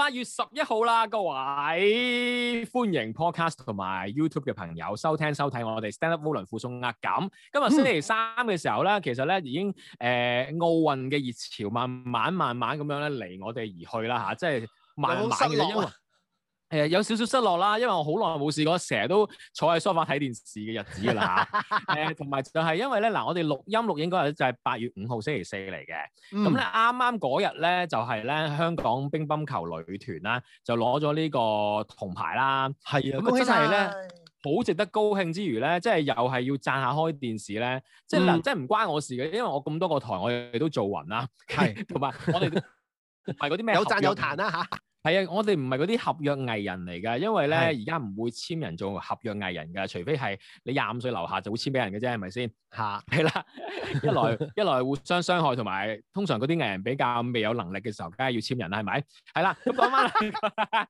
八月十一號啦，各位歡迎 Podcast 同埋 YouTube 嘅朋友收聽收睇我哋 Stand Up Volun 附送額、啊、咁。今日星期三嘅時候咧，其實咧已經誒奧運嘅熱潮慢慢慢慢咁樣咧離我哋而去啦吓、啊，即係慢慢嘅因為、啊。誒有少少失落啦，因為我好耐冇試過，成日都坐喺梳化睇電視嘅日子啦。誒同埋就係因為咧嗱，我哋錄音錄影嗰日就係八月五號星期四嚟嘅。咁咧啱啱嗰日咧就係、是、咧香港乒乓球女團啦，就攞咗呢個銅牌啦。係啊，咁真係咧好值得高興之餘咧，即、就、係、是、又係要讚下開電視咧，即係嗱，即係唔關我事嘅，因為我咁多個台我哋都做勻啦。係，同埋我哋都係嗰啲咩有讚有彈啦、啊、嚇。係啊，我哋唔係嗰啲合約藝人嚟㗎，因為咧而家唔會簽人做合約藝人㗎，除非係你廿五歲樓下就會簽俾人嘅啫，係咪先？吓的，係啦，一來一來互相傷害，同埋通常嗰啲藝人比較未有能力嘅時候，梗係要簽人啦，係咪？係啦，咁講翻，咁啊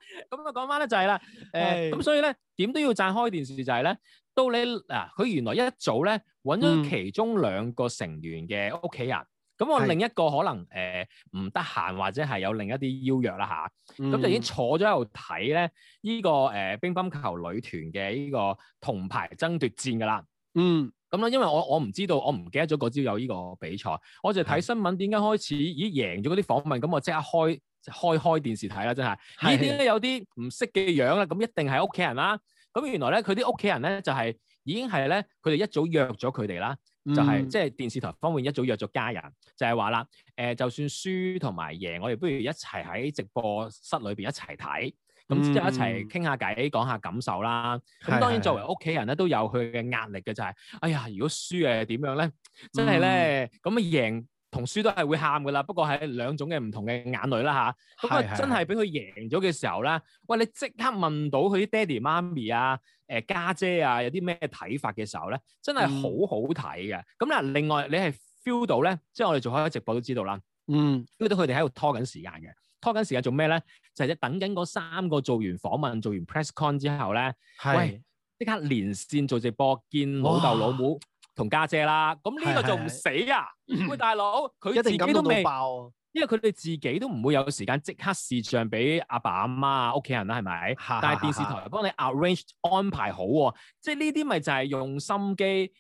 講翻咧就係啦、就是，誒的，咁、呃、所以咧點都要讚開電視就係、是、咧，到你嗱，佢、啊、原來一早咧揾咗其中兩個成員嘅屋企人。嗯。咁我另一個可能誒唔是、呃、得閒，或者係有另一啲邀約啦吓，咁、啊嗯、就已經坐咗喺度睇咧呢個誒、呃、乒乓球女團嘅呢個銅牌爭奪戰㗎啦。嗯，咁咧因為我我唔知道，我唔記得咗嗰朝有呢個比賽，我就睇新聞點解是開始已已贏咗嗰啲訪問，咁我即刻開開開電視睇啦，真係呢啲咧有啲唔識嘅樣啦，咁一定係屋企人啦、啊。咁原來咧佢啲屋企人咧就係、是、已經係咧佢哋一早約咗佢哋啦。就係即係電視台方面一早約咗家人，嗯、就係話啦，誒、呃，就算輸同埋贏，我哋不如一齊喺直播室裏邊一齊睇，咁即係一齊傾下偈，講下感受啦。咁、嗯、當然作為屋企人咧，都有佢嘅壓力嘅，就係、是，哎呀，如果輸誒點樣咧，真係咧，咁啊、嗯、贏同輸都係會喊噶啦，不過係兩種嘅唔同嘅眼淚啦吓，咁啊就真係俾佢贏咗嘅時候咧，喂，你即刻問到佢啲爹哋媽咪啊！誒家姐，姐啊，有啲咩睇法嘅時候咧，真係好好睇嘅。咁嗱、嗯，另外你係 feel 到咧，即係我哋做開直播都知道啦。嗯，都佢哋喺度拖緊時間嘅，拖緊時間做咩咧？就係、是、等緊嗰三個做完訪問、做完 press con 之後咧，是 喂，即刻連線做直播見老豆老母同家哇 姐啦。咁呢個做唔死啊？喂，大佬，佢自己都未。到到爆、啊。因為佢哋自己都唔會有時間即刻視像俾阿爸阿媽啊屋企人啦，係咪？ 但係電視台又幫你 arrange 安排好喎，即係呢啲咪就係用心機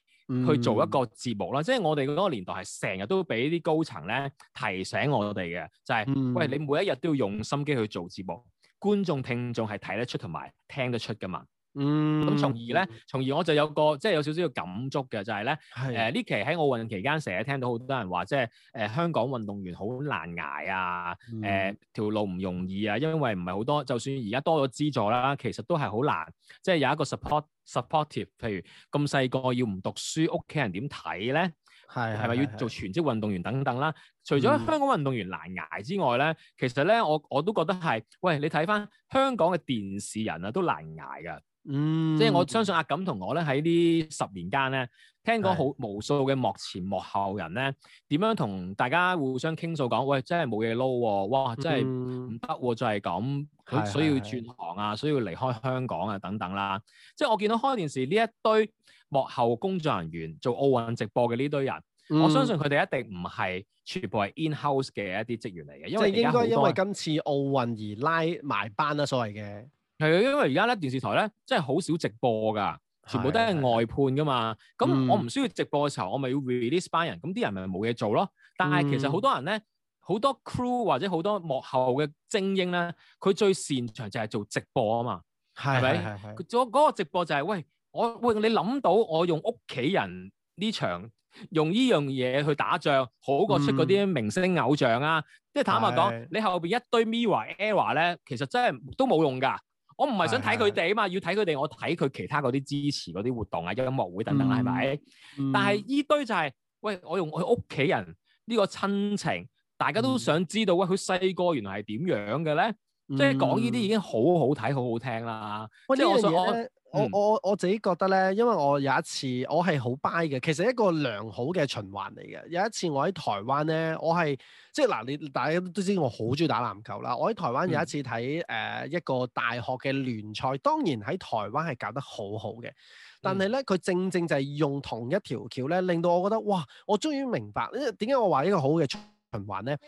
去做一個節目囉。即係、嗯、我哋嗰個年代係成日都俾啲高層咧提醒我哋嘅，就係、是嗯、喂，你每一日都要用心機去做節目，觀眾聽眾係睇得出同埋聽得出㗎嘛。嗯，咁從而咧，從而我就有個即係有少少嘅感觸嘅，就係、是、咧，誒呢的、呃、期喺奧運期間，成日聽到好多人話，即係誒、呃、香港運動員好難捱啊，誒、嗯呃、條路唔容易啊，因為唔係好多，就算而家多咗資助啦，其實都係好難，即係有一個 support supportive，譬如咁細個要唔讀書，屋企人點睇咧？係係咪要做全職運動員等等啦？除咗香港運動員難捱之外咧，其實咧我我，我都覺得係，喂你睇翻香港嘅電視人啊，都難捱噶。嗯，即係我相信阿錦同我咧喺呢十年間咧，聽過好無數嘅幕前幕後人咧，點是樣同大家互相傾訴講，喂，真係冇嘢撈喎，嗯、哇，真係唔得喎，就係咁，佢需要轉行啊，需要離開香港啊，等等啦。即係我見到開電視呢一堆幕後工作人員做奧運直播嘅呢堆人，嗯、我相信佢哋一定唔係全部係 in house 嘅一啲職員嚟嘅，因為應該因為今次奧運而拉埋班啦，所謂嘅。係啊，因為而家咧電視台咧真係好少直播㗎，全部都係外判㗎嘛。咁的我唔需要直播嘅時候，嗯、我咪要 release 班人。咁啲人咪冇嘢做咯。但係其實好多人咧，好、嗯、多 crew 或者好多幕後嘅精英咧，佢最擅長就係做直播啊嘛，係咪的？做嗰的、那個直播就係、是、喂我喂你諗到我用屋企人呢場用呢樣嘢去打仗，好過出嗰啲明星偶像啊。嗯、即係坦白講的，你後邊一堆 Mirror、Era 咧，其實真係都冇用㗎。我唔係想睇佢哋啊嘛，是是要睇佢哋，我睇佢其他嗰啲支持嗰啲活動啊、音樂會等等啦，係咪？但係依堆就係、是，喂，我用我屋企人呢、這個親情，大家都想知道喂，佢細個原來係點樣嘅咧？即係講呢啲已經好好睇、好好聽啦。即係我想。我我我自己覺得咧，因為我有一次我係好 buy 嘅，其實一個良好嘅循環嚟嘅。有一次我喺台灣咧，我係即係嗱，你大家都知道我好中意打籃球啦。我喺台灣有一次睇誒、嗯呃、一個大學嘅聯賽，當然喺台灣係搞得好好嘅，但係咧佢正正就係用同一條橋咧，令到我覺得哇，我終於明白點解我話呢個好嘅循環咧。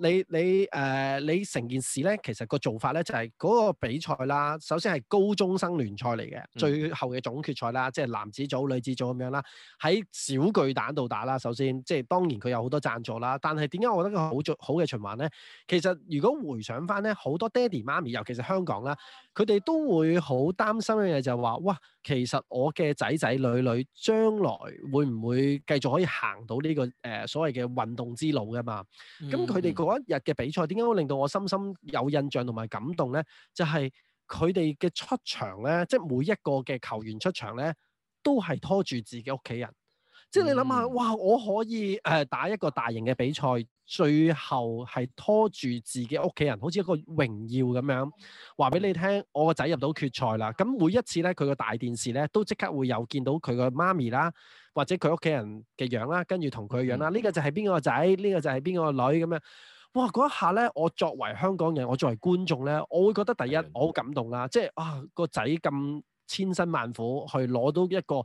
你、呃、你誒你成件事咧，其實個做法咧就係、是、嗰個比賽啦，首先係高中生聯賽嚟嘅，嗯、最後嘅總決賽啦，即係男子組、女子組咁樣啦，喺小巨蛋度打啦。首先，即係當然佢有好多贊助啦，但係點解我覺得個好做好嘅循環咧？其實如果回想返咧，好多爹哋媽咪，尤其係香港啦。佢哋都會好擔心嘅嘢就係話，哇，其實我嘅仔仔女女將來會唔會繼續可以行到呢個誒所謂嘅運動之路㗎嘛？咁佢哋嗰一日嘅比賽點解會令到我深深有印象同埋感動咧？就係佢哋嘅出場咧，即係每一個嘅球員出場咧，都係拖住自己屋企人。即係你諗下，嗯、哇，我可以誒打一個大型嘅比賽。最後係拖住自己屋企人，好似一個榮耀咁樣，話俾你聽，我個仔入到決賽啦。咁每一次咧，佢個大電視咧都即刻會有見到佢個媽咪啦，或者佢屋企人嘅樣啦，跟住同佢嘅樣啦。呢、嗯、個就係邊個仔，呢、這個就係邊個女咁樣。哇！嗰一下咧，我作為香港人，我作為觀眾咧，我會覺得第一，我好感動啦。即、就、係、是、啊，個仔咁～千辛萬苦去攞到一個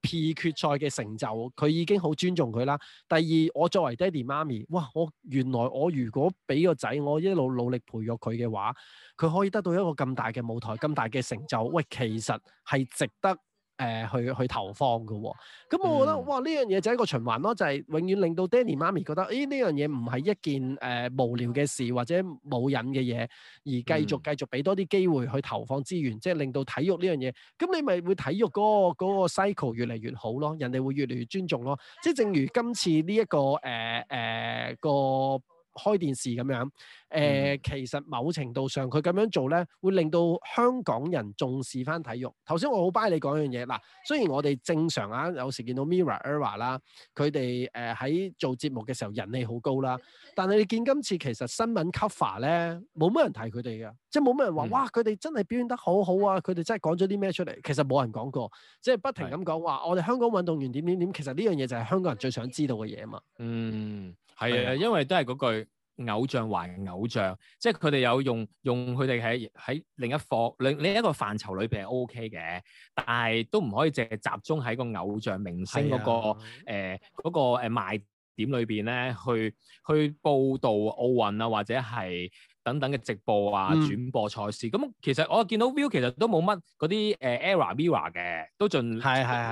P 決賽嘅成就，佢已經好尊重佢啦。第二，我作為爹哋媽咪，哇！我原來我如果俾個仔我一路努力培育佢嘅話，佢可以得到一個咁大嘅舞台、咁大嘅成就，喂，其實係值得。誒、呃、去去投放嘅喎、哦，咁我覺得、嗯、哇呢樣嘢就係一個循環咯，就係、是、永遠令到爹哋媽咪覺得，咦呢樣嘢唔係一件誒、呃、無聊嘅事或者冇癮嘅嘢，而繼續繼續俾多啲機會去投放資源，嗯、即係令到體育呢樣嘢，咁你咪會體育嗰、那個 cycle、那個那個、越嚟越好咯，人哋會越嚟越尊重咯，即係正如今次呢一個誒誒個。呃呃個開電視咁樣，誒、呃，其實某程度上佢咁樣做咧，會令到香港人重視翻體育。頭先我好 buy 你講一樣嘢嗱，雖然我哋正常啊，有時見到 Mirror、Error 啦，佢哋誒喺做節目嘅時候人氣好高啦，但係你見今次其實新聞 cover 咧，冇乜人提佢哋嘅，即係冇乜人話、嗯、哇，佢哋真係表演得好好啊，佢哋真係講咗啲咩出嚟，其實冇人講過，即係不停咁講話我哋香港運動員點點點，其實呢樣嘢就係香港人最想知道嘅嘢啊嘛，嗯。係啊，因為都係嗰句偶像還偶像，即係佢哋有用用佢哋喺喺另一方、另另一個範疇裏邊係 OK 嘅，但係都唔可以淨係集中喺個偶像明星嗰、嗰個誒嗰的、呃嗰個誒賣點裏邊咧，去去報道奧運啊或者係等等嘅直播啊、嗯、轉播賽事。咁其實我見到 Viu 其實都冇乜嗰啲誒 era vira 嘅，都盡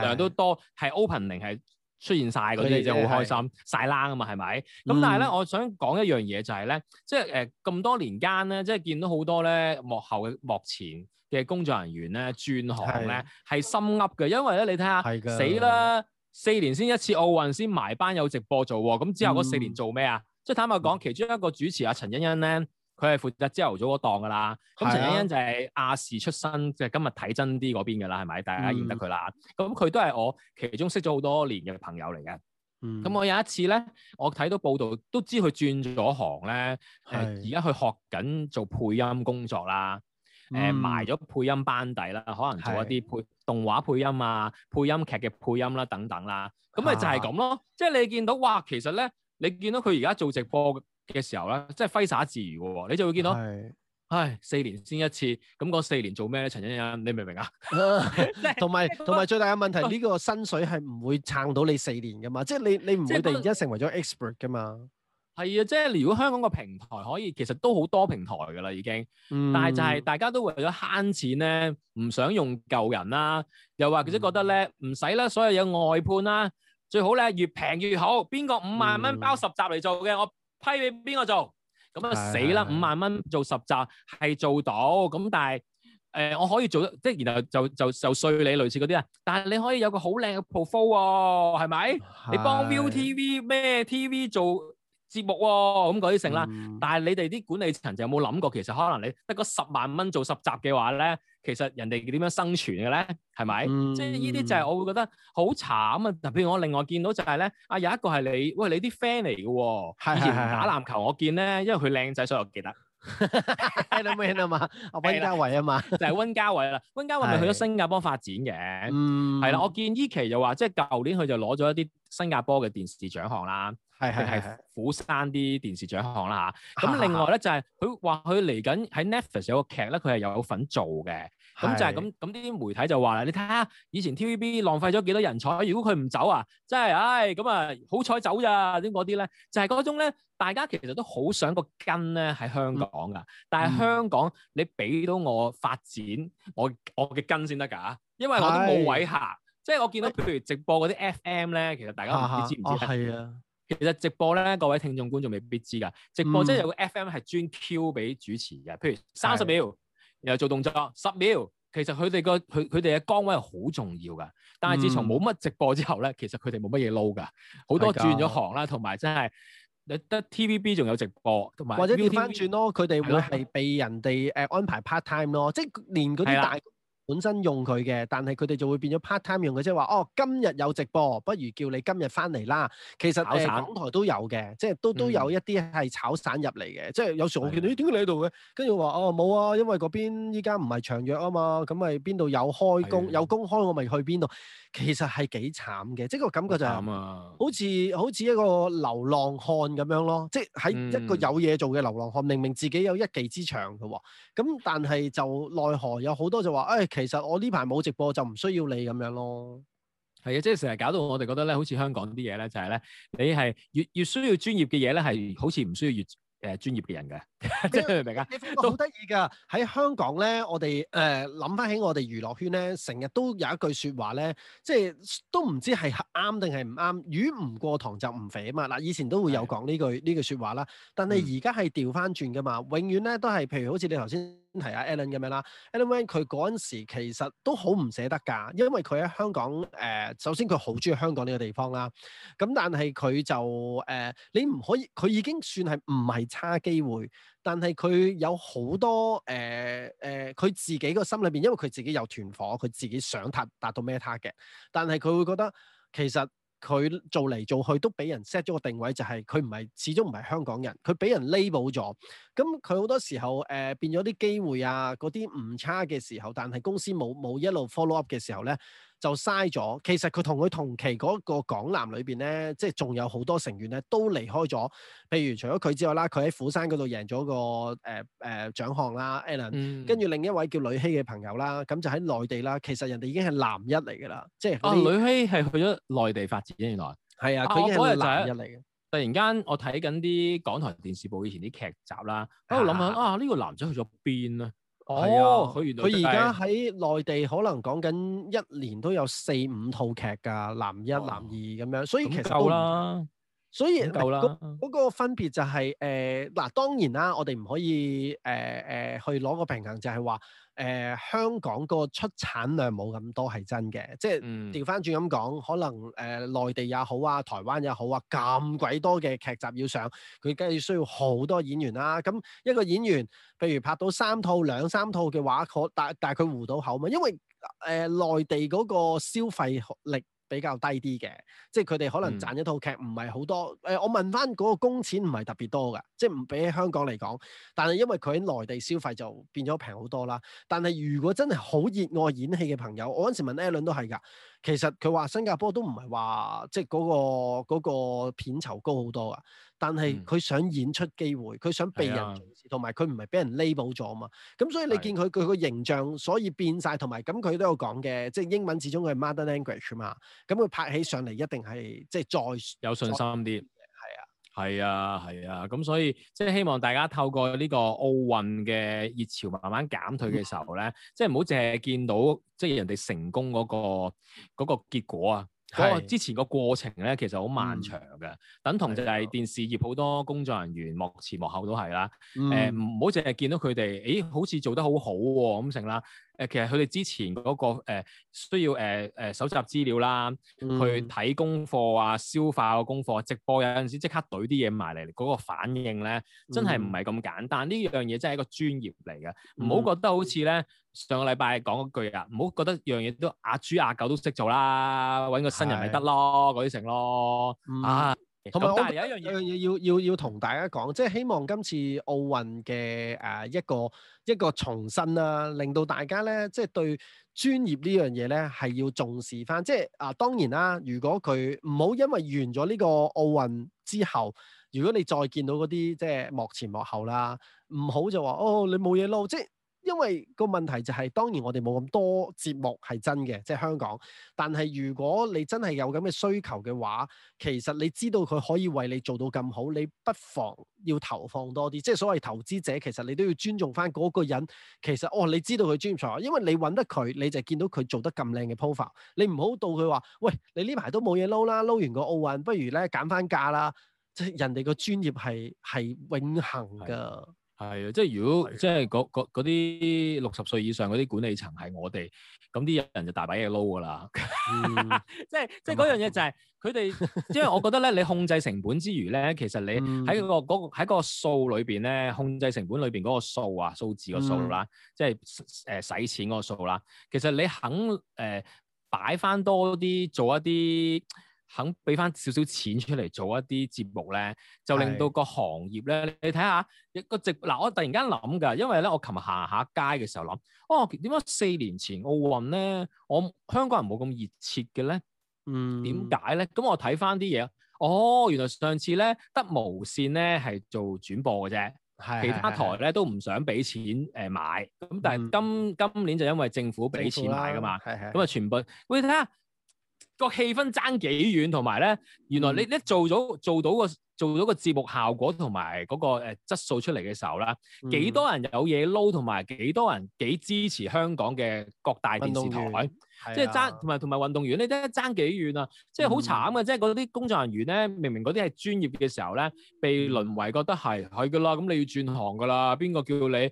量都多，係 open 定係。出現晒嗰啲嘅，好開心晒的冷啊嘛，係咪？咁、嗯、但係咧，我想講一樣嘢就係、是、咧，即係誒咁多年間咧，即、就、係、是、見到好多咧幕後嘅幕前嘅工作人員咧轉行咧係心噏嘅，因為咧你睇下的死啦，四年先一次奧運先埋班有直播做，咁、哦、之後嗰四年做咩啊？嗯、即係坦白講，其中一個主持阿陳欣欣咧。佢係負責朝頭早嗰檔噶啦，咁陳欣欣就係亞視出身，即、就、係、是、今日睇真啲嗰邊噶啦，係咪？大家認得佢啦。咁佢、嗯、都係我其中識咗好多年嘅朋友嚟嘅。咁、嗯、我有一次咧，我睇到報道都知佢轉咗行咧，佢而家去學緊做配音工作啦。嗯。呃、埋咗配音班底啦，可能做一啲配是動畫配音啊、配音劇嘅配音啦、啊、等等啦。咁咪就係咁咯。即係、啊、你見到哇，其實咧，你見到佢而家做直播嘅時候啦，即係揮灑自如嘅喎，你就會見到的唉，四年先一次，咁嗰四年做咩咧？陳欣欣，你明唔明啊？同埋同埋最大嘅問題，呢 個薪水係唔會撐到你四年嘅嘛，即係你你唔會突然之間成為咗 expert 嘅嘛。係啊，即係如果香港個平台可以，其實都好多平台嘅啦，已經，但係就係大家都為咗慳錢咧，唔想用舊人啦，又或者實覺得咧唔使啦，所有有外判啦，最好咧越平越好，邊個五萬蚊包十集嚟做嘅我？嗯批俾邊個做？咁樣死啦！的五萬蚊做十集係做到，咁但係誒、呃、我可以做得，即係然後就就就稅你類似嗰啲啊。但係你可以有個好靚嘅 profile，係咪？的你幫 ViuTV 咩 TV 做？節目喎，咁嗰啲剩啦，啊嗯、但係你哋啲管理層就有冇諗過？其實可能你得個十萬蚊做十集嘅話咧，其實人哋點樣生存嘅咧？係咪？嗯、即係呢啲就係我會覺得好慘啊！特別我另外見到就係、是、咧，啊有一個係你，喂你啲 friend 嚟嘅喎，是是是是以前打籃球，我見咧，是是是是因為佢靚仔，所以我記得。Adam 啊嘛，温嘉偉啊嘛，就係温嘉偉啦。温嘉偉係去咗新加坡發展嘅，係啦的、嗯。我見依期就話，即係舊年佢就攞咗一啲新加坡嘅電視獎項啦。係係係，釜山啲電視獎項啦咁、啊、另外咧、啊、就係佢話佢嚟緊喺 Netflix 有個劇咧，佢係又有份做嘅。咁、啊、就係咁，咁啲是媒體就話啦：你睇下以前 TVB 浪費咗幾多人才？如果佢唔走啊，真係唉咁啊！好彩走咋？點嗰啲咧？就係、是、嗰種咧，大家其實都好想個根咧喺香港㗎。嗯、但係香港、嗯、你俾到我發展我我嘅根先得㗎，因為我都冇位下。即係是我見到譬如直播嗰啲 FM 咧，其實大家唔知知唔知？係啊。啊啊其實直播咧，各位聽眾觀眾未必知噶。直播即係有個 FM 係專 Q 俾主持嘅，譬如三十秒，的然後做動作十秒。其實佢哋個佢佢哋嘅崗位係好重要噶。但係自從冇乜直播之後咧，其實佢哋冇乜嘢撈噶，好多轉咗行啦，同埋的真係你得 TVB 仲有直播，B, 或者調翻轉咯，佢哋 TV, 的會係被人哋誒安排 part time 咯，即係連嗰啲大。本身用佢嘅，但係佢哋就會變咗 part time 用嘅。即係話哦，今日有直播，不如叫你今日翻嚟啦。其實誒炒散、欸、港台都有嘅，即係都都有一啲係炒散入嚟嘅，嗯、即係有時我見到咦點解你喺度嘅？跟住我話哦冇啊，因為嗰邊依家唔係長約啊嘛，咁咪邊度有開工的有工開我咪去邊度。其實係幾慘嘅，即係個感覺就係、是啊、好似好似一個流浪漢咁樣咯，即係喺一個有嘢做嘅流浪漢，明，明明自己有一技之長嘅喎，咁但係就奈何有好多就話誒。哎哎其實我呢排冇直播就唔需要你咁樣咯，係啊，即係成日搞到我哋覺得咧，好似香港啲嘢咧，就係、是、咧，你係越越需要專業嘅嘢咧，係好似唔需要越誒、呃、專業嘅人嘅，即係明唔明啊？好家得意㗎，喺都香港咧，我哋誒諗翻起我哋娛樂圈咧，成日都有一句説話咧，即係都唔知係啱定係唔啱，魚唔過塘就唔肥啊嘛。嗱，以前都會有講呢句呢句説話啦，但係而家係調翻轉㗎嘛，永遠咧都係譬如好似你頭先。係啊，Allen 咁樣啦，Allen 佢嗰陣時其實都好唔捨得㗎，因為佢喺香港誒、呃，首先佢好中意香港呢個地方啦，咁但係佢就誒、呃，你唔可以，佢已經算係唔係差機會，但係佢有好多誒誒，佢、呃呃、自己個心裏邊，因為佢自己有團火，佢自己想達達到咩 target 嘅，但係佢會覺得其實。佢做嚟做去都俾人 set 咗個定位，就係佢唔係始終唔係香港人，佢俾人 label 咗，咁佢好多時候誒、呃、變咗啲機會啊，嗰啲唔差嘅時候，但係公司冇冇一路 follow up 嘅時候咧。就嘥咗。其實佢同佢同期嗰個港男裏邊咧，即係仲有好多成員咧都離開咗。譬如除咗佢之外啦，佢喺釜山嗰度贏咗個誒誒、呃呃、獎項啦，Alan、嗯。跟住另一位叫呂希嘅朋友啦，咁就喺內地啦。其實人哋已經係男一嚟㗎啦，即係啊，呂希係去咗內地發展、啊，原來係啊。佢已經係男一嚟嘅、就係。突然間，我睇緊啲港台電視部以前啲劇集啦，喺度諗下啊呢、啊呢個男仔去咗邊啊？哦，佢而佢而家喺內地可能講緊一年都有四五套劇㗎，男一、男二咁樣，哦、所以其實都夠啦。夠啦，嗰個分別就係誒嗱，當然啦，我哋唔可以誒誒、呃呃、去攞個平衡就，就係話。誒、呃、香港個出產量冇咁多係真嘅，即係調翻轉咁講，可能誒、呃、內地也好啊，台灣也好啊，咁鬼多嘅劇集要上，佢梗係需要好多演員啦、啊。咁、嗯、一個演員，譬如拍到三套、兩三套嘅話，可但但係佢糊到口嘛。因為誒、呃、內地嗰個消費力。比較低啲嘅，即係佢哋可能賺一套劇唔係好多。誒、嗯呃，我問翻嗰個工錢唔係特別多嘅，即係唔比香港嚟講。但係因為佢喺內地消費就變咗平好多啦。但係如果真係好熱愛演戲嘅朋友，我嗰陣時問 Alan 都係㗎。其實佢話新加坡都唔係話即係、嗰、嗰、個嗰個片酬高好多啊，但係佢想演出機會，佢、嗯、想被人，同埋佢唔係俾人 label 咗啊嘛，咁所以你見佢佢個形象是的 所以變晒，同埋咁佢都有講嘅，即係英文始終佢係 mother language 嘛，咁佢拍起上嚟一定係即係再有信心啲。係啊，係啊，咁所以即係希望大家透過呢個奧運嘅熱潮慢慢減退嘅時候咧、嗯，即係唔好淨係見到即係人哋成功嗰個嗰個結果啊，因為是之前個過程咧其實好漫長嘅。嗯、等同就係電視業好多工作人員幕前幕後都係啦，誒唔好淨係見到佢哋，咦好似做得好好喎咁成啦。等等誒其實佢哋之前嗰、那個、呃、需要誒誒搜集資料啦，嗯、去睇功課啊，消化個功課、啊，直播有陣時即刻隊啲嘢埋嚟，嗰、那個反應咧真係唔係咁簡單。呢、嗯、樣嘢真係一個專業嚟嘅，唔好、嗯、覺得好似咧上個禮拜講嗰句啊，唔好覺得樣嘢都阿豬阿狗都識做啦，搵個新人咪得咯嗰啲是成咯、嗯、啊！同埋我哋有一樣嘢要要要同大家講，即係希望今次奧運嘅，誒一個一個重申啊，令到大家咧，即係對專業呢樣嘢咧係要重視翻。即係啊，當然啦，如果佢唔好因為完咗呢個奧運之後，如果你再見到嗰啲即係幕前幕後啦，唔好就話哦你冇嘢撈，即係。因為個問題就係，當然我哋冇咁多節目係真嘅，即係香港。但係如果你真係有咁嘅需求嘅話，其實你知道佢可以為你做到咁好，你不妨要投放多啲。即係所謂投資者，其實你都要尊重翻嗰個人。其實哦，你知道佢專業才華，因為你揾得佢，你就見到佢做得咁靚嘅 profile。你唔好到佢話，喂，你呢排都冇嘢撈啦，撈完個奧運，不如咧減翻價啦。即係人哋個專業係係永恆嘅。係啊，即係如果，即係嗰啲六十歲以上嗰啲管理層係我哋，咁啲人就大把嘢撈㗎啦。即係即係嗰樣嘢就係佢哋，即係我覺得咧，你控制成本之餘咧，其實你喺、嗰個嗰喺、嗯嗰個、個數裏邊咧，控制成本裏邊嗰個數啊數字個數啦，嗯、即係誒使錢嗰個數啦，其實你肯誒、呃、擺翻多啲做一啲。肯俾翻少少錢出嚟做一啲節目咧，就令到個行業咧，的你睇下一個直嗱、啊，我突然間諗㗎，因為咧我琴日行下街嘅時候諗，哦點解四年前奧運咧，我香港人冇咁熱切嘅咧？嗯，點解咧？咁我睇翻啲嘢，哦原來上次咧得無線咧係做轉播嘅啫，的其他台咧的都唔想俾錢誒買，咁但係今、嗯、今年就因為政府俾錢買㗎嘛，係係，咁啊全部，喂你睇下。個氣氛爭幾遠，同埋咧，原來你一做咗做到個做到個節目效果同埋嗰個誒質素出嚟嘅時候啦，幾、嗯、多人有嘢撈，同埋幾多人幾支持香港嘅各大電視台，動即係爭同埋同埋運動員，你真係爭幾遠啊！即係好慘嘅，嗯、即係嗰啲工作人員咧，明明嗰啲係專業嘅時候咧，被淪為覺得係係㗎喇，咁、嗯、你要轉行㗎喇，邊個叫你？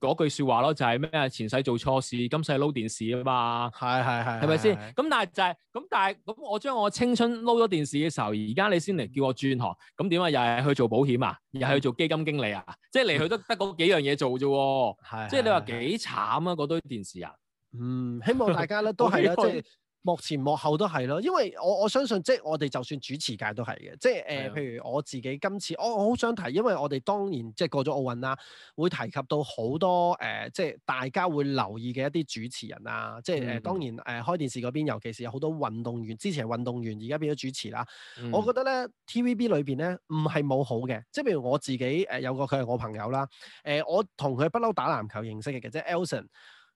嗰句説話咯，就係咩啊？前世做錯事，今世撈電視啊嘛。係係係，係咪先？咁但係就係，咁但係咁，我將我青春撈咗電視嘅時候，而家你先嚟叫我轉行，咁點啊？又係去做保險啊？嗯、又係去做基金經理啊？即係嚟去都得嗰幾樣嘢做啫。係，是即係你話幾慘啊？嗰堆電視啊。嗯，希望大家咧都係啦，即係。幕前幕後都係咯，因為我我相信，即係我哋就算主持界都係嘅，即係誒、呃，譬如我自己今次，我我好想提，因為我哋當然即係過咗奧運啦，會提及到好多誒、呃，即係大家會留意嘅一啲主持人啊，即係誒、呃，當然誒、呃、開電視嗰邊，尤其是有好多運動員，之前係運動員，而家變咗主持啦。嗯、我覺得咧，TVB 裏邊咧唔係冇好嘅，即係譬如我自己誒、呃、有個佢係我朋友啦，誒、呃、我同佢不嬲打籃球認識嘅，即係 Elson，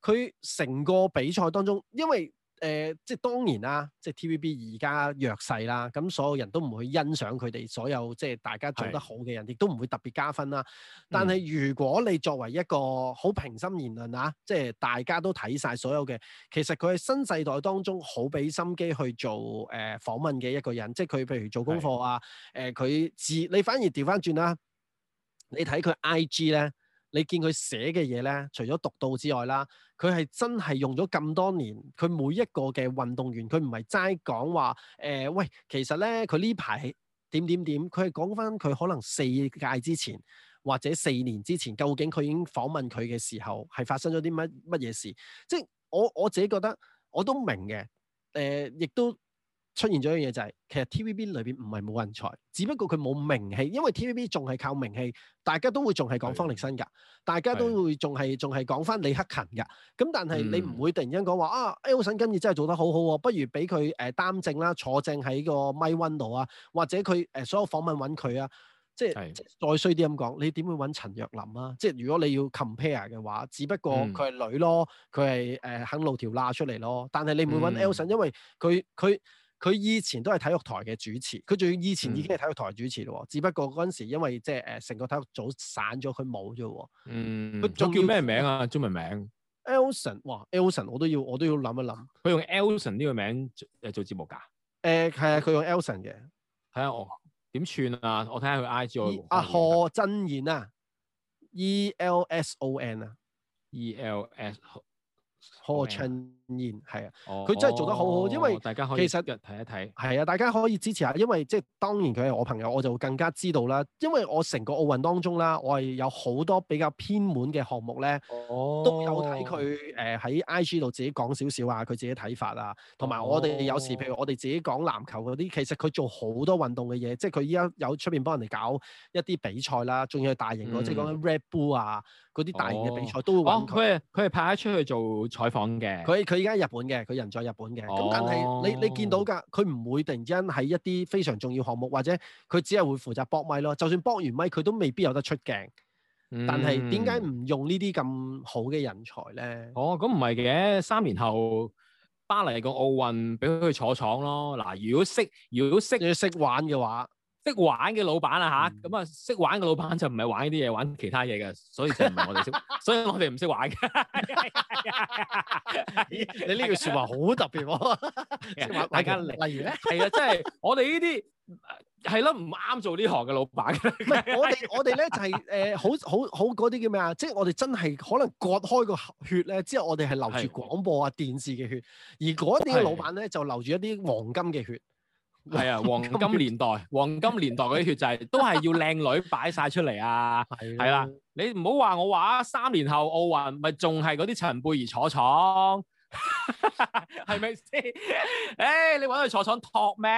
佢成個比賽當中，因為誒、呃，即係當然啦、啊，即係 TVB 而家弱勢啦，咁所有人都唔會欣賞佢哋所有即係大家做得好嘅人，亦是都唔會特別加分啦。但係如果你作為一個好平心言論啊，嗯、即係大家都睇晒所有嘅，其實佢喺新世代當中好俾心機去做誒、呃、訪問嘅一個人，即係佢譬如做功課啊，誒佢是、呃、自你反而調翻轉啦，你睇佢 IG 咧。你見佢寫嘅嘢咧，除咗讀到之外啦，佢係真係用咗咁多年，佢每一個嘅運動員，佢唔係齋講話，誒、呃、喂，其實咧佢呢排點點點，佢係講翻佢可能四屆之前或者四年之前，究竟佢已經訪問佢嘅時候係發生咗啲乜乜嘢事？即係我我自己覺得我都明嘅，誒、呃，亦都。出現咗一樣嘢就係、是，其實 TVB 裏邊唔係冇人才，只不過佢冇名氣，因為 TVB 仲係靠名氣，大家都會仲係講方力申㗎，的大家都會仲係仲係講返李克勤㗎。咁但係你唔會突然間講話、嗯、啊，Elson 今次真係做得好好喎，不如俾佢誒擔正啦，坐正喺個咪溫度啊，或者佢誒、呃、所有訪問揾佢的啊，即係再衰啲咁講，你點會揾陳若琳啊？即係如果你要 compare 嘅話，只不過佢係女咯，佢係誒肯露條罅出嚟咯，但係你唔會揾 Elson，因為佢佢。佢以前都係體育台嘅主持，佢仲要以前已經係體育台主持咯。只不過嗰陣時因為即係誒成個體育組散咗，佢冇咗。嗯，佢仲叫咩名啊？中文名？Elson，哇，Elson，我都要我都要諗一諗。佢用 Elson 呢個名誒做節目㗎？誒係啊，佢用 Elson 嘅。睇下我點串啊？我睇下佢 I G 我。阿何真言啊，E L S O N 啊，E L S。係啊，佢真係做得好好，哦、因為大家可以看看其實睇一睇係啊，大家可以支持下，因為即係當然佢係我朋友，我就更加知道啦。因為我成個奧運當中啦，我係有好多比較偏門嘅項目咧，哦、都有睇佢誒喺 IG 度自己講少少啊，佢自己睇法啊，同埋、哦、我哋有時譬如我哋自己講籃球嗰啲，其實佢做好多運動嘅嘢，即係佢依家有出面幫人哋搞一啲比賽啦，仲要大型、嗯、即係講緊 Red Bull 啊嗰啲大型嘅比賽都會佢係佢係派咗出去做採講嘅，佢佢而家日本嘅，佢人在日本嘅。咁、哦、但係你你見到噶，佢唔會突然之間喺一啲非常重要項目，或者佢只係會負責搏咪咯，就算搏完咪，佢都未必有得出鏡。嗯、但係點解唔用呢啲咁好嘅人才咧？哦，咁唔係嘅，三年後巴黎個奧運俾佢去坐廠咯。嗱，如果識，如果識，你識玩嘅話。識玩嘅老闆啊？吓？咁啊，識玩嘅老闆就唔係玩呢啲嘢，玩其他嘢嘅，所以就唔係我哋識， 所以我哋唔識玩嘅。 你呢句説話好特別喎。 大家 例如咧，係啊呢，即 係、就是、我哋呢啲係咯，唔啱做呢行嘅老闆。唔 係 我哋，我哋咧就係、是、誒、呃、好好好嗰啲叫咩啊？即、就、係、是、我哋真係可能割開個血咧，之後我哋係流住廣播啊的電視嘅血，而嗰啲老闆咧就流住一啲黃金嘅血。的 係啊，黃金年代， 黃金年代嗰啲血制都係要靚女擺晒出嚟啊，係啦，你唔好話我話三年後奧運咪仲係嗰啲陳貝兒坐牀，係咪先？誒、 哎，你揾佢坐牀托咩？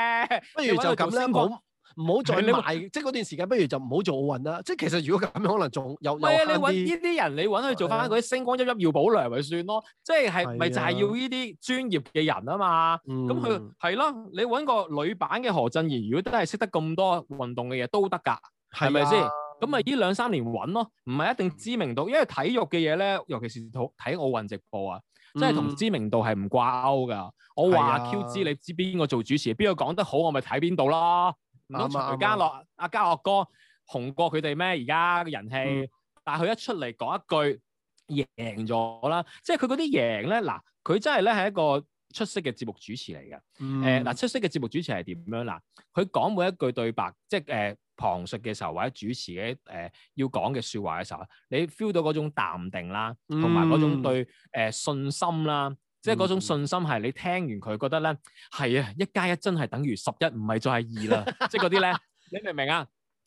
不如就咁先好。唔好再賣，你即係嗰段時間，不如就唔好做奧運啦。即係其實如果咁樣，可能仲有有啲。啊的，些你揾呢啲人，你揾佢做翻嗰啲星光熠熠耀保良咪算咯。即係係咪就係要呢啲專業嘅人啊嘛？咁佢係咯，你揾個女版嘅何振儀，如果都係識得咁多運動嘅嘢都得㗎，係咪先？咁咪呢兩三年揾咯，唔係一定知名度，因為體育嘅嘢咧，尤其是睇奧運直播啊，即係同知名度係唔掛鈎㗎。嗯、我話 Q 知你知邊個做主持，邊個講得好，我咪睇邊度咯。嗱，徐家樂阿、嗯、家樂哥紅過佢哋咩？而家嘅人氣，嗯、但係佢一出嚟講一句贏咗啦，即係佢嗰啲贏咧，嗱，佢真係咧係一個出色嘅節目主持嚟嘅。誒、嗯，嗱、呃，出色嘅節目主持係點樣？嗱，佢講每一句對白，即係誒旁述嘅時候，或者主持嘅誒、呃、要講嘅説話嘅時候，你 feel 到嗰種淡定啦，同埋嗰種對、呃、信心啦。即係嗰種信心係，你聽完佢覺得咧係啊，一加一真係等於十一，唔係再係二啦。即係嗰啲咧，你明唔明啊？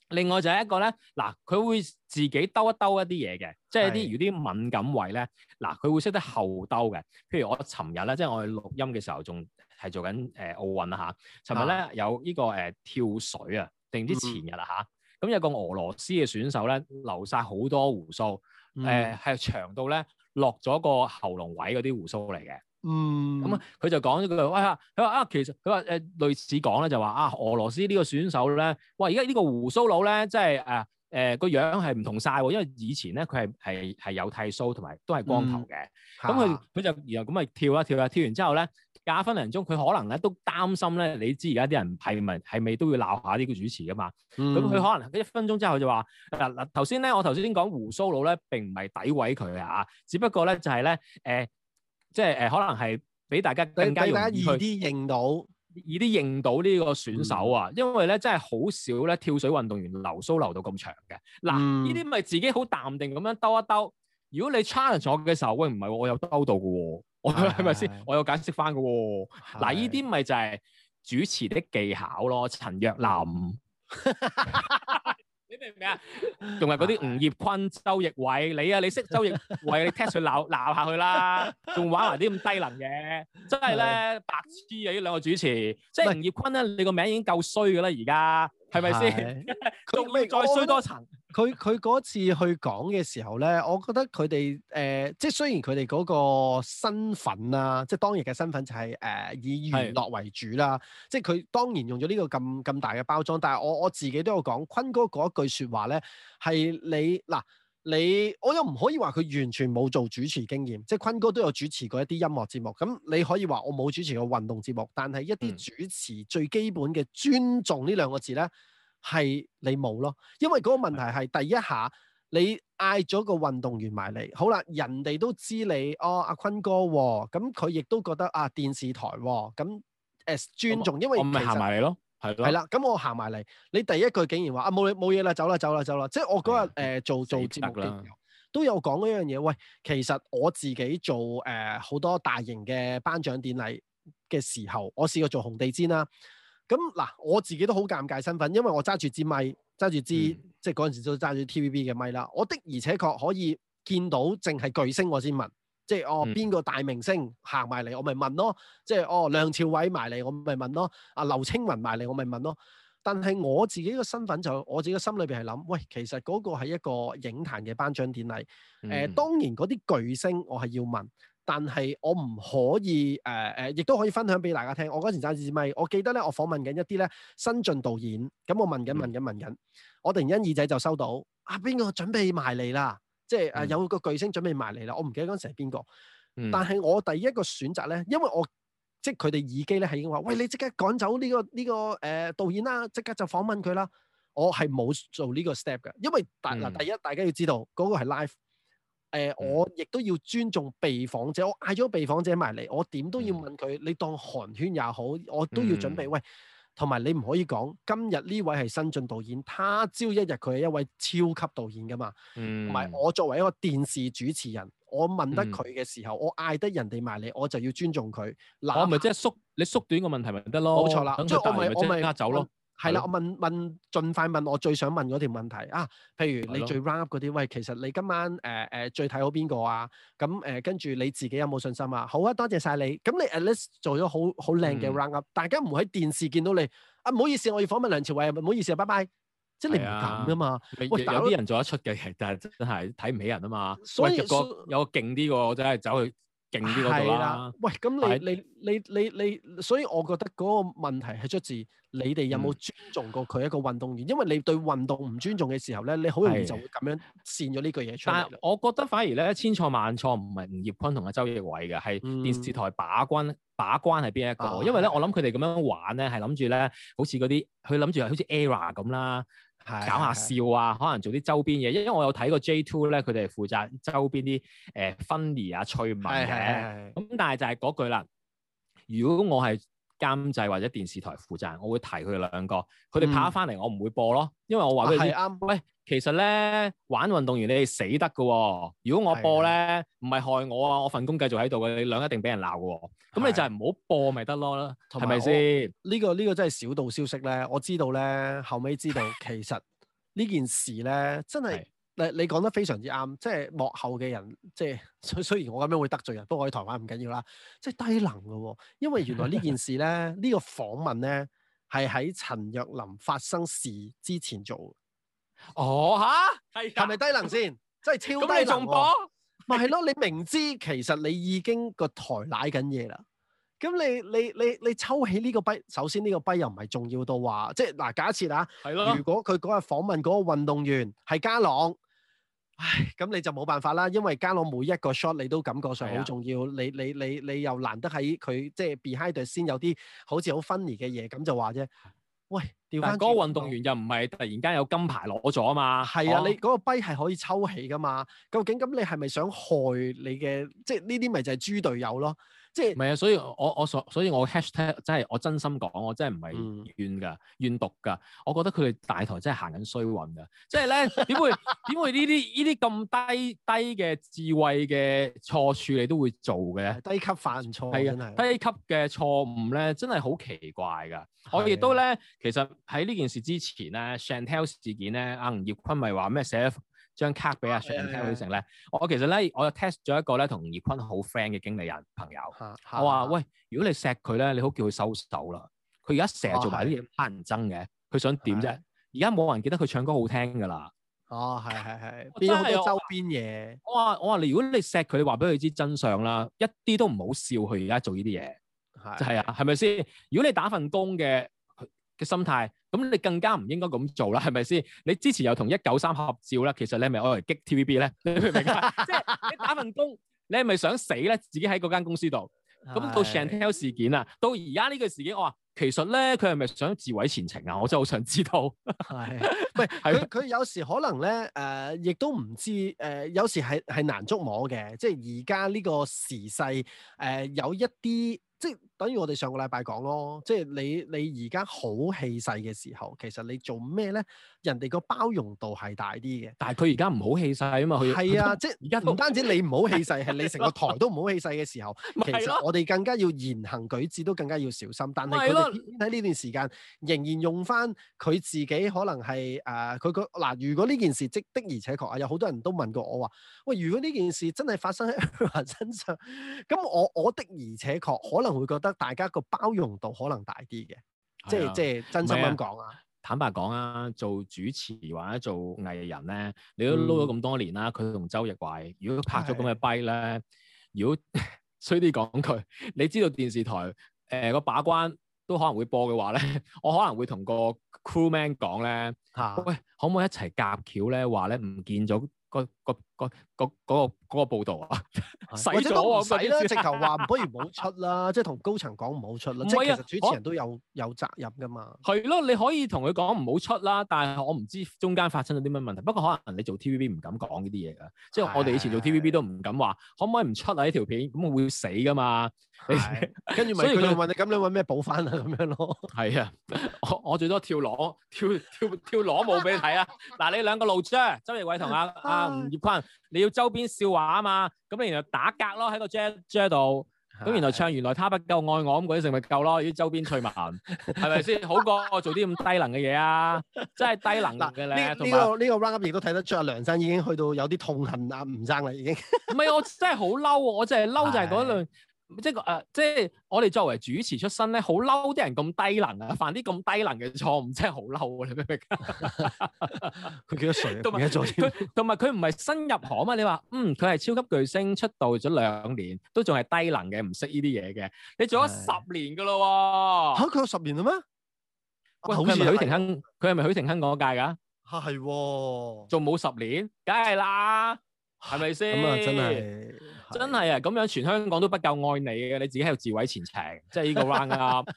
另外就係一個咧，嗱，佢會自己兜一兜一啲嘢嘅，即係啲如啲敏感位咧，嗱，佢會識得後兜嘅。譬如我尋日咧，即係我錄音嘅時候仲係做緊誒、呃、奧運啊。吓、這個，尋日咧有呢個誒跳水知知、嗯、啊，定唔知前日啊。吓，咁有個俄羅斯嘅選手咧，留晒好多鬍鬚，誒、呃、係、嗯、長度咧。落咗個喉嚨位嗰啲胡鬚嚟嘅，嗯，咁佢、嗯、就講一句，哇，佢話啊，其實佢話誒，類似講咧就話啊，俄羅斯呢個選手咧，哇，而家呢個胡鬚佬咧，即係誒誒個樣係唔同晒喎，因為以前咧佢係係係有剃鬚同埋都係光頭嘅，咁佢佢就然後咁咪跳下跳下，跳完之後咧。打分零鐘，佢可能咧都擔心咧。你知而家啲人係咪係咪都要鬧下呢個主持噶嘛？咁佢、嗯、可能一分鐘之後就話嗱嗱。頭先咧，我頭先講鬍鬚佬咧，並唔係詆毀佢啊，只不過咧就係、是、咧，誒、呃，即係誒，可能係俾大家更加容易啲認到，易啲認到呢個選手啊。嗯、因為咧真係好少咧跳水運動員留鬚留到咁長嘅。嗱，呢啲咪自己好淡定咁樣兜一兜。如果你 challenge 我嘅時候，喂，唔係我有兜到嘅。我係咪先？是是是是我有解釋翻嘅喎。嗱，呢啲咪就係主持的技巧咯。陳若琳， 你明唔明啊？仲係嗰啲吳業坤、周奕偉，你啊，你識周奕偉，你聽佢鬧鬧下去啦。仲玩埋啲咁低能嘅，真係咧白痴啊！呢兩個主持，是是即係吳業坤咧、啊，你個名已經夠衰嘅啦，而家。係咪先？佢咪再衰多層？佢佢嗰次去講嘅時候咧，我覺得佢哋誒，即係雖然佢哋嗰個身份啊，即係當日嘅身份就係、是、誒、呃、以娛樂為主啦、啊。的即係佢當然用咗呢個咁咁大嘅包裝，但係我我自己都有講，坤哥嗰句說話咧，係你嗱。啊你我又唔可以話佢完全冇做主持經驗，即係坤哥都有主持過一啲音樂節目。咁你可以話我冇主持過運動節目，但係一啲主持最基本嘅尊重呢兩個字咧，係你冇咯。因為嗰個問題係的第一下你嗌咗個運動員埋嚟，好啦，人哋都知你哦，阿、啊、坤哥咁佢亦都覺得啊，電視台咁、哦、誒、啊、尊重，麼因為我咪行埋嚟咯。係啦，咁我行埋嚟，你第一句竟然話啊冇冇嘢啦，走啦走啦走啦，即係我嗰日誒做做節目都了有講一樣嘢，喂，其實我自己做誒好、呃、多大型嘅頒獎典禮嘅時候，我試過做紅地毯啦、啊，咁嗱、啊、我自己都好尷尬身份，因為我揸住支咪，揸住支、嗯、即係嗰陣時都揸住 TVB 嘅咪啦，我的而且確可以見到，淨係巨星我先問。即係哦，邊個大明星行埋嚟，我咪問咯；即係哦，梁朝偉埋嚟，我咪問咯；啊，劉青雲埋嚟，我咪問咯。但係我自己個身份就，我自己個心裏邊係諗，喂，其實嗰個係一個影壇嘅頒獎典禮。誒，當然嗰啲巨星我係要問，但係我唔可以誒誒，亦都可以分享俾大家聽。我嗰陣揸住支麥，我記得咧，我訪問緊一啲咧新進導演，咁我問緊問緊問緊，我突然間耳仔就收到，啊，邊個準備埋嚟啦？即係誒、嗯、有個巨星準備埋嚟啦，我唔記得嗰陣時係邊個，嗯、但係我第一個選擇咧，因為我即係佢哋耳機咧係已經話，喂你即刻趕走呢、呢個呢、呢個誒導演啦，即刻就訪問佢啦。我係冇做呢個 step 嘅，因為第嗱、嗯、第一大家要知道嗰、嗰個係 live 誒、呃，嗯、我亦都要尊重被訪者，我嗌咗被訪者埋嚟，我點都要問佢，嗯、你當寒暄也好，我都要準備、嗯、喂。同埋你唔可以講今日呢位係新晉導演，他朝一日佢係一位超級導演噶嘛？同埋、嗯、我作為一個電視主持人，我問得佢嘅時候，嗯、我嗌得人哋埋你，我就要尊重佢。嗱，我咪即係縮你縮短個問題咪得咯？冇錯啦。等佢答完咪即刻走咯。係啦，我問問，盡快問我最想問嗰條問題啊。譬如你最 round up 嗰啲，喂，其實你今晚誒誒、呃呃、最睇好邊個啊？咁誒跟住你自己有冇信心啊？好啊，多謝晒你。咁你 at least 做咗好好靚嘅 round up，嗯、大家唔會喺電視見到你啊。唔好意思，我要訪問梁朝偉，唔好意思，拜拜。即係你唔敢噶嘛？的喂有啲我人做得出嘅，其實真係睇唔起人啊嘛。所以有個有個勁啲個，我真係走去。勁啲係啦，喂，咁你的你你你你，所以我覺得嗰個問題係出自你哋有冇尊重過佢一個運動員，因為你對運動唔尊重嘅時候咧，你好容易就會咁樣煽咗呢句嘢出嚟。但係我覺得反而咧，千錯萬錯唔係吳業坤同阿周奕偉嘅，係電視台把關把關係邊一個？嗯，因為咧，我諗佢哋咁樣玩咧，係諗住咧，好似嗰啲佢諗住係好似 era 咁啦。 搞下笑啊， 可能做啲周邊嘢，因為我有睇過 J2 咧，佢哋係負責周邊啲誒、呃、funny 啊趣聞嘅，咁 但係就係嗰句啦，如果我係。監製或者電視台負責人，我會提佢哋兩個，佢哋拍翻嚟，嗯、我唔會播咯，因為我話佢你係啱。喂的，其實咧，玩運動員你哋死得噶喎、哦！如果我播咧，唔係是的 害我啊，我份工繼續喺度嘅，你兩一定俾人鬧嘅、哦。咁是的 你就係唔好播咪得咯，係咪先？呢吧、呢個呢、呢個真係小道消息咧，我知道咧，後尾知道其實呢 件事咧真係的。真誒，你講得非常之啱，即係幕後嘅人，即係雖雖然我咁樣會得罪人，不過我喺台灣唔緊要啦。即係低能嘅喎，因為原來呢件事咧，呢 個訪問咧係喺陳若琳發生事之前做。哦嚇，係咪的低能先？ 即係超低能咁咪係咯，你明知其實你已經個台舐緊嘢啦。咁你你你你，你抽起呢個筆，首先呢個筆又唔係重要到話，即係嗱、啊，假設啊假設，如果佢嗰日訪問嗰個運動員係加朗。唉，咁你就冇辦法啦，因為加我每一個 shot 你都感覺上好重要，的你你你你又難得喺佢即係 behind 先有啲好似好 funny 嘅嘢，咁就話啫。喂，調翻嗰個運動員就唔係突然間有金牌攞咗嘛？係啊，的啊你嗰個 bike 係可以抽起噶嘛？究竟咁你係咪想害你嘅？即係呢啲咪就係豬隊友咯？即係，唔係、就是、啊！所以我我所，所以我 hashtag 真係我真心講，我真係唔係怨㗎，嗯、怨毒㗎。我覺得佢哋大台真係行緊衰運㗎。即係咧，點會點 會呢啲呢啲咁低低嘅智慧嘅錯處你都會做嘅？低級犯錯，係啊，的低級嘅錯誤咧，真係好奇怪㗎。我亦都咧，的其實喺呢件事之前咧 Chantelle 事件咧，阿吳業坤咪話咩寫？張卡俾阿雪人聽嗰成咧，哎、呀我其實咧，我又 test 咗一個咧，同吳業坤好 friend 嘅經理人朋友，啊、我話說喂，如果你錫佢咧，你好叫佢收手啦。佢而家成日做埋啲嘢乞人憎嘅，佢、啊、想點啫？而家冇人記得佢唱歌好聽噶啦。哦、啊，係係係，變咗好多周邊嘢。我話我話你，如果你錫佢，你話俾佢知真相啦，一啲都唔好笑佢而家做呢啲嘢。係係啊，係咪先？如果你打份工嘅。嘅心態，咁你更加唔應該咁做啦，係咪先？你之前又同一九三合照啦，其實你係咪攞嚟激 TVB 咧？你明唔明啊？即係 你打份工，你係咪想死咧？自己喺嗰間公司度，咁到 Chantel 事件啊，到而家呢個事件，我、哦、哇！其實咧，佢係咪想自毀前程啊？我真係好想知道。係， 喂係佢佢有時可能咧，誒、呃，亦都唔知，誒、呃，有時係係難捉摸嘅，即係而家呢個時勢，誒、呃，有一啲即係。等於我哋上個禮拜講咯，即係你你而家好氣勢嘅時候，其實你做咩咧？人哋個包容度係大啲嘅，但係佢而家唔好氣勢啊嘛，佢係啊，即係而家唔單止你唔好氣勢，係 對吧 你成個台都唔好氣勢嘅時候，其實我哋更加要言行舉止都更加要小心。但係佢喺呢段時間仍然用返佢自己可能係誒，佢、呃、個嗱，如果呢件事即的而且確啊，有好多人都問過我話，喂，如果呢件事真係發生喺佢身上，咁我我的而且確可能會覺得。大家個包容度可能大啲嘅，啊、即係即係真心咁講啊！坦白講啊，做主持或者做藝人咧，你都撈咗咁多年啦。佢同、嗯、周奕懷如果拍咗咁嘅跛咧，的如果 衰啲講句，你知道電視台誒個、呃、把關都可能會播嘅話咧，我可能會同個 crew man 講咧，的喂，可唔可以一齊夾橋咧？話咧唔見咗個、嗰個。嗰個個個嗰個嗰個報道啊，洗咗啊，唔洗啦，直頭話不如唔好出啦，即係同高層講唔好出啦。即係其實主持人都有有責任噶嘛。係咯，你可以同佢講唔好出啦，但係我唔知中間發生咗啲乜問題。不過可能你做 TVB 唔敢講呢啲嘢噶，即係我哋以前做 TVB 都唔敢話，可唔可以唔出啊呢條片？咁會死噶嘛？跟住咪佢就問你咁你揾咩補翻啊咁樣咯。係啊，我最多跳攞，跳跳跳裸舞俾你睇啊。嗱，你兩個路啫，周奕瑋同阿阿吳業坤。你要周邊笑話啊嘛，咁你原來打格咯喺個 Jazz 度。到，咁原來唱的原來他不夠愛我咁嗰啲食物夠咯，啲周邊趣聞，係咪先？好過我做啲咁低能嘅嘢啊，真係低能嘅你。呢呢有、這個呢、這個 run up 亦都睇得出阿梁生已經去到有啲痛恨啊。吳生啦，已經。唔係我真係好嬲，我真係嬲就係嗰輪。即係誒、呃，即係我哋作為主持出身咧，好嬲啲人咁低能啊，犯啲咁低能嘅錯誤，真係好嬲啊！你咩咩？佢幾多歲啊？都唔記得做啲同埋佢唔係新入行啊嘛？你話嗯，佢係超級巨星出道咗兩年，都仲係低能嘅，唔識呢啲嘢嘅。你做咗十年噶啦喎嚇，佢、啊、有十年啦咩？喂好似像許廷鏗，佢係咪許廷鏗嗰屆噶？嚇係的，做冇十年，梗係啦，係咪先？咁啊， 真係。真係啊！咁樣全香港都不夠愛你嘅，你自己喺度自毀前程，即係呢個 round 啱。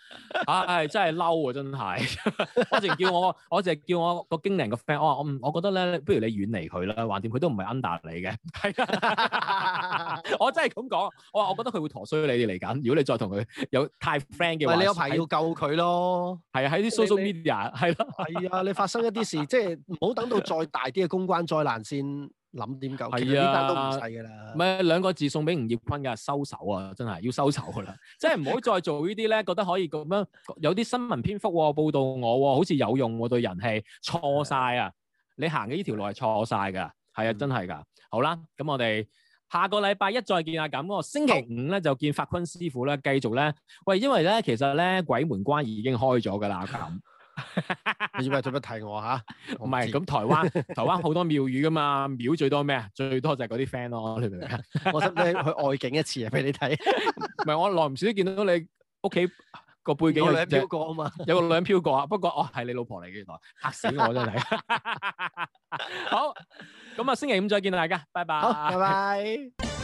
啊，唉，真係嬲啊！真係， 我淨叫我，我淨叫我個經理人個 friend，我話我嗯，我覺得咧，不如你遠離佢啦。橫掂佢都唔係 under 你嘅，係啊， 我真係咁講。我話我覺得佢會陀衰你哋嚟緊。如果你再同佢有太 friend 嘅話， 你有排要救佢咯。係啊的，喺啲 social media 係咯。係啊， 你發生一啲事，即係唔好等到再大啲嘅公關災難先。 諗點救？係啊，依家都唔使噶啦。唔係兩個字送俾吳業坤噶，收手啊！真係要收手噶啦， 即係唔好再做呢啲咧。覺得可以咁樣，有啲新聞篇幅報道我，哦，好似有用喎、啊、對人係，錯晒啊！的你行嘅呢條路係錯晒噶，係啊，嗯、真係噶。好啦，咁我哋下個禮拜一再見啊，咁，星期五咧就見法坤師傅咧，繼續咧。喂，因為咧其實咧鬼門關已經開咗噶啦，咁。 你做乜做乜睇我吓、啊？唔係，咁台灣 台灣好多廟宇噶嘛，廟最多咩？最多就係嗰啲 fan 咯，你明唔明啊？ 我想你去外景一次啊，俾你睇。唔 係，我耐唔少都見到你屋企個背景有女人飄過啊嘛， 有個女人飄過啊，不過哦係你老婆嚟嘅，原來嚇死我真係。 好，咁啊，星期五再見大家，拜拜，拜拜。